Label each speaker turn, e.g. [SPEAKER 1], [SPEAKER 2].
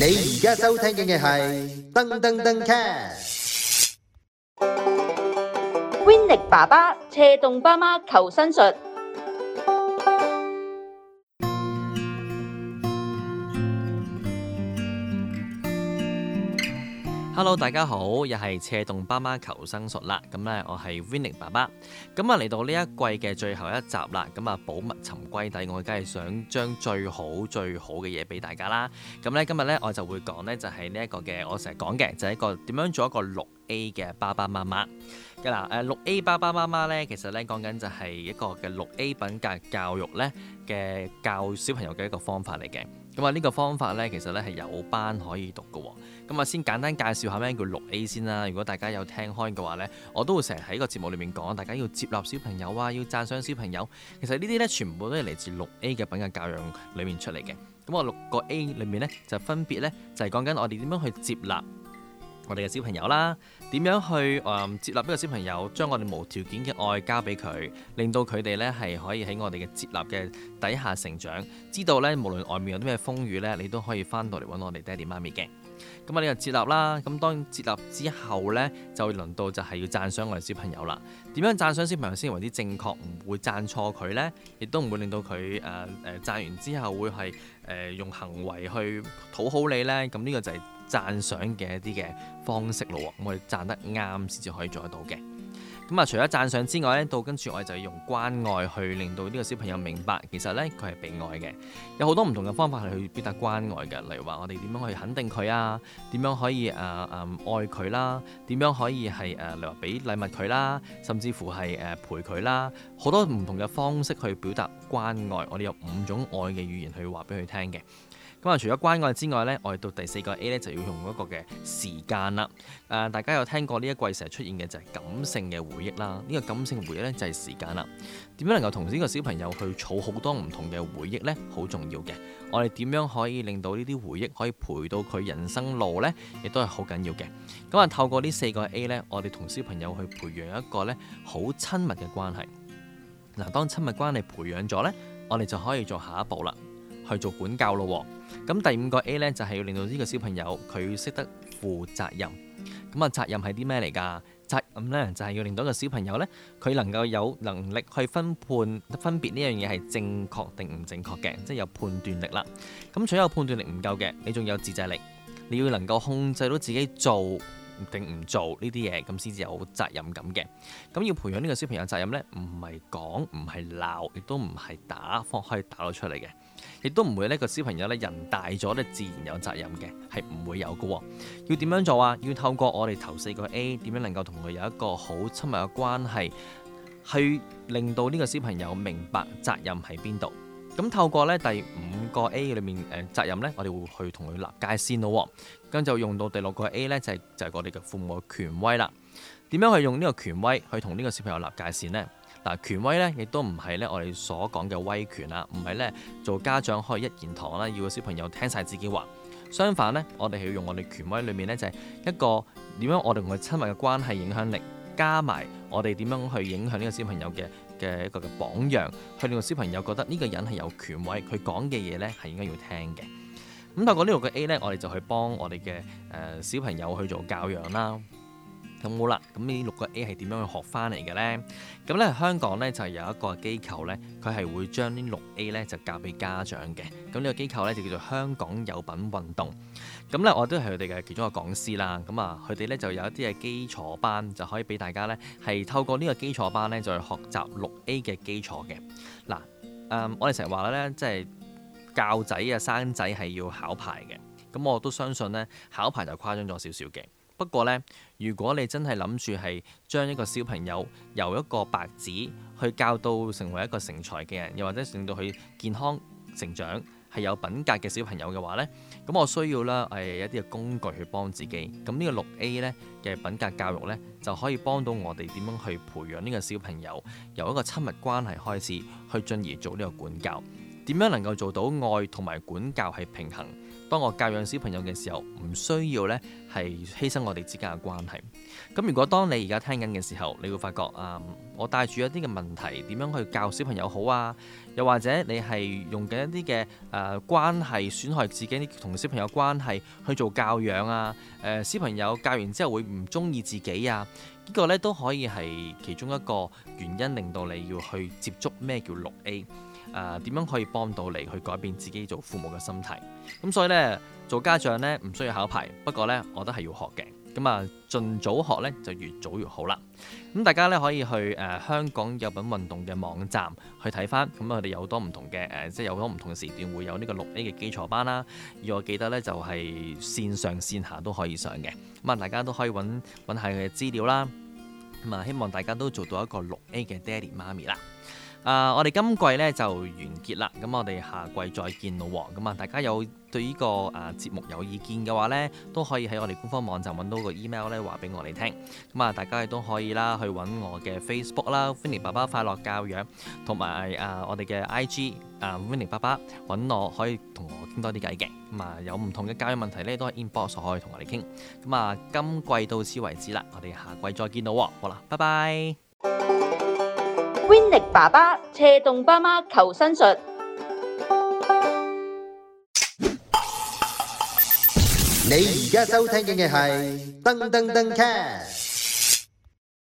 [SPEAKER 1] 你而家收聽嘅係《噔噔噔 cast》，Winnie 爸爸斜動爸媽求生術。Hello，大家好，又係斜洞爸媽求生術啦。咁、嗯、咧，我係 Winning 爸爸。咁、嗯、啊，嚟到呢一季嘅最後一集啦。咁、嗯、啊，寶物沉歸底，我梗係想將最好最好嘅嘢俾大家啦。咁、嗯、咧，今日咧，我就會講咧，就係、是、呢、這個就是、一個嘅，我成日講嘅，就係一個點樣做一個六 A 嘅爸爸媽媽。嗱、嗯，誒、呃，六 A 爸爸媽媽咧，其實咧講緊就係一個嘅六 A 品格教育咧嘅教小朋友嘅一個方法嚟嘅。咁啊，呢個方法呢，其實呢係有班可以讀嘅喎。咁啊，先簡單介紹下咩叫六 A 先啦。如果大家有聽開嘅話呢，我都會成日喺個節目裏面講，大家要接納小朋友啊，要讚賞小朋友。其實呢啲呢，全部都係嚟自六 A 嘅品格教養裏面出嚟嘅。咁啊，六個 A 裏面呢，就分別呢，就係講緊我哋點樣去接納。我哋嘅小朋友啦，點樣去誒、呃、接納呢個小朋友，將我哋無條件嘅愛交俾佢，令到佢哋呢係可以喺我哋嘅接納嘅底下成長，知道呢，無論外面有啲咩風雨呢，你都可以翻到嚟揾我哋爹地媽咪嘅。咁我哋就接納啦，咁、嗯、當然接納之後呢，就會輪到就係要讚賞我哋小朋友啦。點樣讚賞小朋友先為之正確，唔會讚錯佢呢，亦都唔會令到佢誒誒讚完之後會係誒、呃、用行為去討好你呢。咁、嗯、呢、這個就係、是。讚賞嘅一啲嘅方式咯，我哋讚得啱先至可以做得到嘅。咁啊，除咗讚賞之外咧，到跟住我哋就要用關愛去令到呢個小朋友明白，其實呢，佢係被愛嘅。有好多唔同嘅方法嚟去表達關愛嘅，例如話我哋點樣去肯定佢啊，點樣可以啊啊愛佢啦，點樣可以係誒例如話俾禮物佢啦，甚至乎係誒陪佢啦，好多唔同嘅方式去表達關愛。我哋有五種愛嘅語言去話俾佢聽嘅。咁啊，除咗關愛之外呢，我哋到第四個 A 呢，就要用一個嘅時間啦。誒、呃，大家有聽過呢一季成日出現嘅就係感性嘅回憶啦。呢、這個感性回憶呢，就係時間啦。點樣能夠同呢個小朋友去儲好多唔同嘅回憶呢？好重要嘅。我哋點樣可以令到呢啲回憶可以陪到佢人生路呢？亦都係好緊要嘅。咁、嗯、啊，透過呢四個 A 呢、啊，我哋同小朋友去培養一個呢好親密嘅關係。嗱，當親密關係培養咗呢，我哋就可以做下一步啦。去做管教咯喎，咁第五個 A 呢，就係要令到呢個小朋友佢識得負責任，咁啊責任係啲咩嚟㗎？責任呢，就係要令到個小朋友呢，佢能夠有能力去分判、分別呢樣嘢係正確定唔正確嘅，即係有判斷力啦。咁除咗有判斷力唔夠嘅，你仲有自制力，你要能夠控制到自己做定唔做呢啲嘢，咁先至有責任感嘅。咁要培養呢個小朋友責任呢，唔係講，唔係鬧，亦都唔係打，方可以打到出嚟嘅。亦都唔會呢、呢個小朋友咧人大咗咧自然有責任嘅，係唔會有嘅。哦，要點樣做啊？要透過我哋頭四個 A 點樣能夠同佢有一個好親密嘅關係，去令到呢個小朋友明白責任喺邊度。咁透過呢第五個 A 裏面誒、呃、責任呢，我哋會去同佢立界線咯，哦。咁就用到第六個 A 呢，就係、係、就係、係、我哋嘅父母嘅權威啦。點樣去用呢個權威去同呢個小朋友立界線呢？啊，權威咧，亦都唔係咧我哋所講嘅威權啦，唔係咧做家長可以一言堂啦，要個小朋友聽晒自己話。相反呢，我哋係要用我哋權威裏面呢，就係、是、一個點樣我哋同佢親密嘅關係影響力，加埋我哋點樣去影響呢個小朋友嘅嘅一個嘅榜樣，去令到小朋友覺得呢個人係有權威，佢講嘅嘢呢，係應該要聽嘅。咁、嗯、透過呢六個 A 呢，我哋就去幫我哋嘅誒小朋友去做教養啦。咁好啦，咁呢六個 A 係點樣去學翻嚟學返嚟嘅呢？咁咧香港咧就有一個機構咧，佢係會將呢六 A 咧就教俾家長嘅。咁呢個機構咧就叫做香港有品運動。咁咧我都係佢哋嘅其中一個講師啦。咁啊，佢哋咧就有一啲嘅基礎班，就可以俾大家咧係透過呢個基礎班咧就去學習六 A 嘅基礎嘅。嗱，誒、嗯、我哋成日話咧，即係教仔啊生仔係要考牌嘅。咁我都相信咧考牌就誇張咗少少嘅。不過呢，如果你真係諗住係將一個小朋友由一個白紙去教到成為一個成才嘅人，又或者令到佢健康成長，係有品格嘅小朋友嘅話呢，咁我需要呢誒一啲嘅工具去幫自己。咁呢個六 A 呢嘅品格教育呢，就可以幫到我哋點樣去培養呢個小朋友，由一個親密關係開始，去進而做呢個管教。點樣能夠做到愛同埋管教係平衡？當我教養小朋友嘅時候，唔需要呢係犧牲我哋之間嘅關係。咁如果當你而家聽緊嘅時候，你會發覺啊、呃，我帶住一啲嘅問題點樣去教小朋友好啊？又或者你係用緊一啲嘅誒關係損害自己同小朋友關係去做教養啊？誒、呃，小朋友教完之後會唔中意自己啊？呢個咧都可以係其中一個原因，令到你要去接觸咩叫六 A，誒、呃、點樣可以幫到你去改變自己做父母嘅心態。咁所以咧，做家長咧，唔需要考牌，不過咧我都係要學嘅。咁啊，盡早學咧就越早越好啦。咁大家咧可以去誒、呃、香港有品運動嘅網站去睇返，咁啊佢哋有好多唔同嘅誒、呃，即係有好多唔同嘅時段會有呢個六 A 嘅基礎班啦。而我記得咧就係、是、線上線下都可以上嘅。咁啊，大家都可以揾揾下佢嘅資料啦。咁啊，希望大家都做到一個六 A 嘅爹哋媽咪啦。啊！Uh, 我哋今季咧就完結啦，咁我哋下季再見咯喎。咁啊，大家有對呢、這個誒節、呃、目有意見嘅話咧，都可以喺我哋官方網站揾到個 email 咧，話俾我哋聽。咁啊，大家亦都可以啦，去揾我嘅 Facebook 啦，Vinny 爸爸快樂教養，同埋誒我哋嘅 IG 啊、呃、Vinny 爸爸，揾我，我，我可以同我傾多啲偈嘅。咁啊，有唔同嘅教育問題咧，都係 inbox 可以同我哋傾。咁啊，今季到此為止啦，我哋下季再見咯。好啦，拜拜。Winny 爸爸斜動爸媽求新術，你而家收聽緊嘅係噔噔噔 cast。